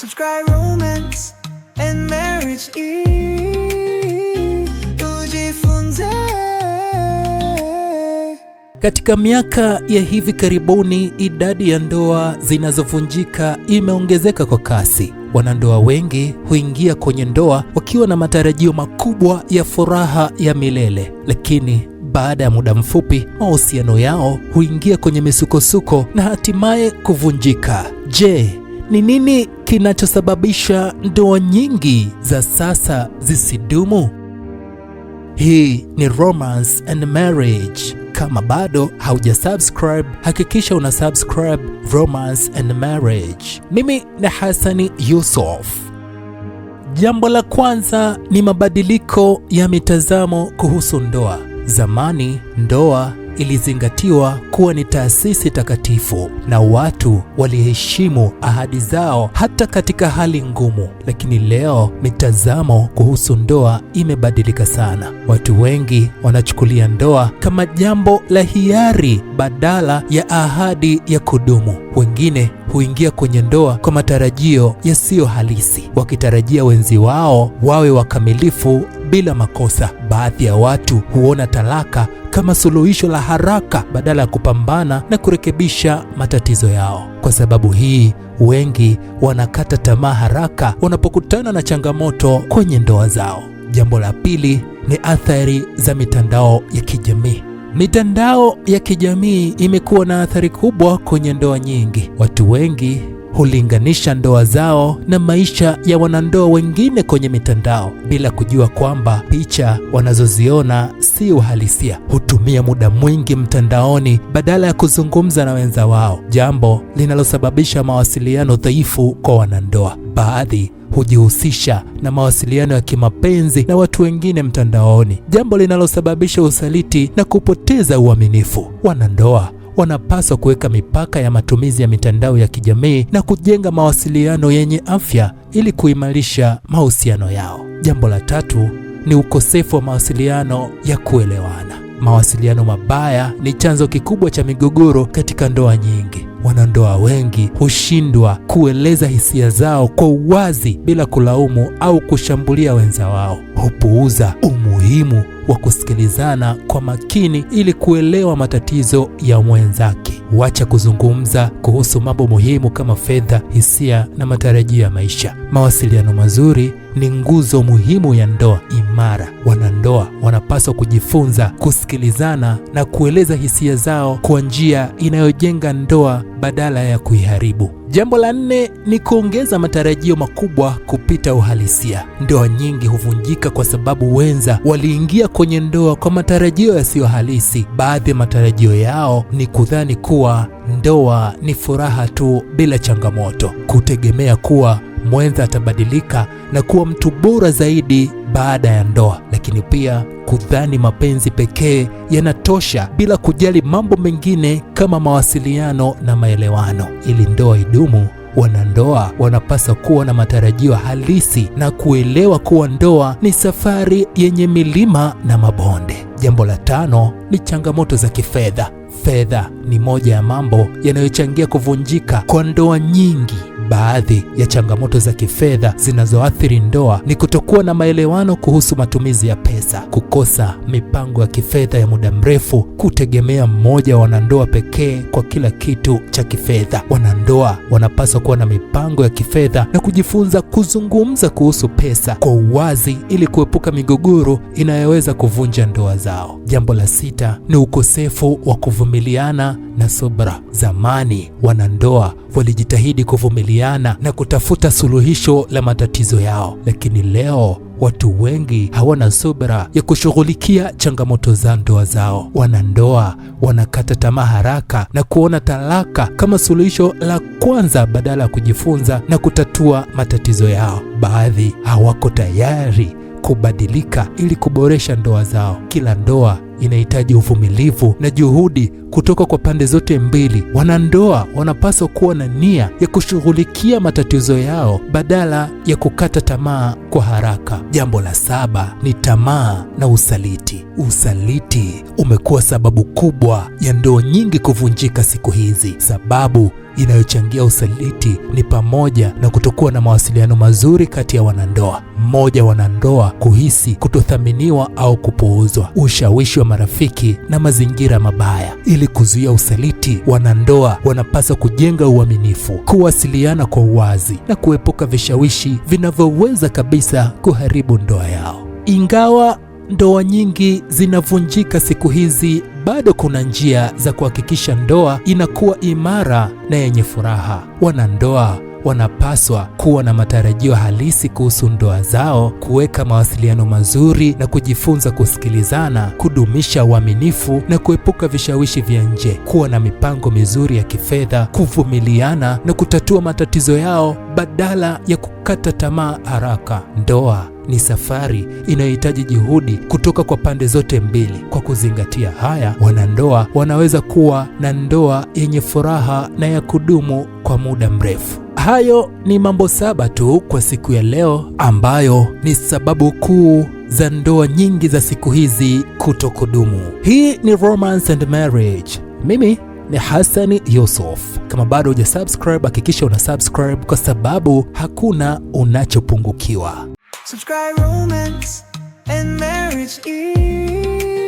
Subscribe romance and marriage e Katika miaka ya hivi karibuni, idadi ya ndoa zinazovunjika imeongezeka kwa kasi. Wanandoa wengi huingia kwenye ndoa wakiwa na matarajio makubwa ya furaha ya milele, lakini baada ya muda mfupi mahusiano yao huingia kwenye misukosuko na hatimaye kuvunjika. Je, ni nini kinachosababisha ndoa nyingi za sasa zisidumu? Hii ni Romance and Marriage. Kama bado haujasubscribe, hakikisha una subscribe Romance and Marriage. Mimi ni Hasani Yusuf. Jambo la kwanza ni mabadiliko ya mitazamo kuhusu ndoa. Zamani ndoa ilizingatiwa kuwa ni taasisi takatifu na watu waliheshimu ahadi zao hata katika hali ngumu. Lakini leo mitazamo kuhusu ndoa imebadilika sana. Watu wengi wanachukulia ndoa kama jambo la hiari badala ya ahadi ya kudumu. Wengine huingia kwenye ndoa kwa matarajio yasiyo halisi, wakitarajia wenzi wao wawe wakamilifu bila makosa. Baadhi ya watu huona talaka kama suluhisho la haraka badala ya kupambana na kurekebisha matatizo yao. Kwa sababu hii, wengi wanakata tamaa haraka wanapokutana na changamoto kwenye ndoa zao. Jambo la pili ni athari za mitandao ya kijamii. Mitandao ya kijamii imekuwa na athari kubwa kwenye ndoa nyingi. Watu wengi hulinganisha ndoa zao na maisha ya wanandoa wengine kwenye mitandao bila kujua kwamba picha wanazoziona si uhalisia. Hutumia muda mwingi mtandaoni badala ya kuzungumza na wenza wao, jambo linalosababisha mawasiliano dhaifu kwa wanandoa. Baadhi hujihusisha na mawasiliano ya kimapenzi na watu wengine mtandaoni, jambo linalosababisha usaliti na kupoteza uaminifu. Wanandoa wanapaswa kuweka mipaka ya matumizi ya mitandao ya kijamii na kujenga mawasiliano yenye afya ili kuimarisha mahusiano yao. Jambo la tatu ni ukosefu wa mawasiliano ya kuelewana. Mawasiliano mabaya ni chanzo kikubwa cha migogoro katika ndoa nyingi wanandoa wengi hushindwa kueleza hisia zao kwa uwazi bila kulaumu au kushambulia wenza wao, hupuuza umuhimu wa kusikilizana kwa makini ili kuelewa matatizo ya mwenzake. Wacha kuzungumza kuhusu mambo muhimu kama fedha, hisia na matarajio ya maisha. Mawasiliano mazuri ni nguzo muhimu ya ndoa imara. Wanandoa wanapaswa kujifunza kusikilizana na kueleza hisia zao kwa njia inayojenga ndoa badala ya kuiharibu. Jambo la nne ni kuongeza matarajio makubwa kupita uhalisia. Ndoa nyingi huvunjika kwa sababu wenza waliingia kwenye ndoa kwa matarajio yasiyo halisi. Baadhi ya matarajio yao ni kudhani kuwa ndoa ni furaha tu bila changamoto, kutegemea kuwa mwenza atabadilika na kuwa mtu bora zaidi baada ya ndoa, lakini pia kudhani mapenzi pekee yanatosha bila kujali mambo mengine kama mawasiliano na maelewano. Ili ndoa idumu, wanandoa wanapaswa kuwa na matarajio halisi na kuelewa kuwa ndoa ni safari yenye milima na mabonde. Jambo la tano ni changamoto za kifedha. Fedha ni moja ya mambo yanayochangia kuvunjika kwa ndoa nyingi. Baadhi ya changamoto za kifedha zinazoathiri ndoa ni kutokuwa na maelewano kuhusu matumizi ya pesa, kukosa mipango ya kifedha ya muda mrefu, kutegemea mmoja wa wanandoa pekee kwa kila kitu cha kifedha. Wanandoa wanapaswa kuwa na mipango ya kifedha na kujifunza kuzungumza kuhusu pesa kwa uwazi ili kuepuka migogoro inayoweza kuvunja ndoa zao. Jambo la sita ni ukosefu wa kuvumiliana na subra. Zamani wanandoa walijitahidi kuvumilia kujadiliana na kutafuta suluhisho la matatizo yao, lakini leo watu wengi hawana subira ya kushughulikia changamoto za ndoa zao. Wanandoa wanakata tamaa haraka na kuona talaka kama suluhisho la kwanza badala ya kujifunza na kutatua matatizo yao. Baadhi hawako tayari kubadilika ili kuboresha ndoa zao. Kila ndoa inahitaji uvumilivu na juhudi kutoka kwa pande zote mbili. Wanandoa wanapaswa kuwa na nia ya kushughulikia matatizo yao badala ya kukata tamaa kwa haraka. Jambo la saba ni tamaa na usaliti. Usaliti umekuwa sababu kubwa ya ndoa nyingi kuvunjika siku hizi. Sababu inayochangia usaliti ni pamoja na kutokuwa na mawasiliano mazuri kati ya wanandoa mmoja wanandoa kuhisi kutothaminiwa au kupuuzwa, ushawishi wa marafiki na mazingira mabaya. Ili kuzuia usaliti, wanandoa wanapaswa kujenga uaminifu, kuwasiliana kwa uwazi na kuepuka vishawishi vinavyoweza kabisa kuharibu ndoa yao. Ingawa ndoa nyingi zinavunjika siku hizi, bado kuna njia za kuhakikisha ndoa inakuwa imara na yenye furaha. Wanandoa wanapaswa kuwa na matarajio halisi kuhusu ndoa zao, kuweka mawasiliano mazuri na kujifunza kusikilizana, kudumisha uaminifu na kuepuka vishawishi vya nje, kuwa na mipango mizuri ya kifedha, kuvumiliana na kutatua matatizo yao badala ya kukata tamaa haraka. Ndoa ni safari inayohitaji juhudi kutoka kwa pande zote mbili. Kwa kuzingatia haya, wanandoa wanaweza kuwa na ndoa yenye furaha na ya kudumu kwa muda mrefu. Hayo ni mambo saba tu kwa siku ya leo ambayo ni sababu kuu za ndoa nyingi za siku hizi kuto kudumu. Hii ni Romance and Marriage. Mimi ni Hassan Yusuf. Kama bado hujasubscribe, hakikisha una subscribe kwa sababu hakuna unachopungukiwa. Subscribe Romance and Marriage.